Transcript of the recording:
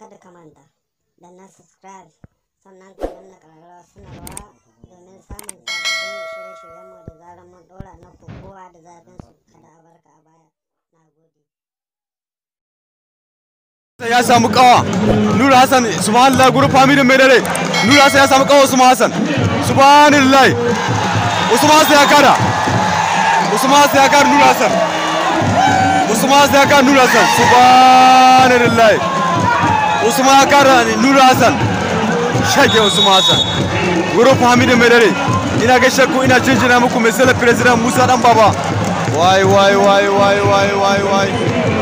kada ka manta da na subscribe sannan ka danna ƙararrawa sanarwa domin samun sababbin shirye-shiryenmu da zarar mun ɗora na kowa da zafin su kada a a baya na gode ya samu kawa nura hassan subhanallah mai dare nura hassan ya samu kawa usman hassan subhanallah usman hassan ya kada usman hassan ya kada nura hassan usman hassan ya kada nura hassan subhanallah usman kara nura hassan shage usman hassan group hamidu mai dare ina ga shakku ina jinjina muku mai sala president musa dan baba wai wai wai wai wai wai wai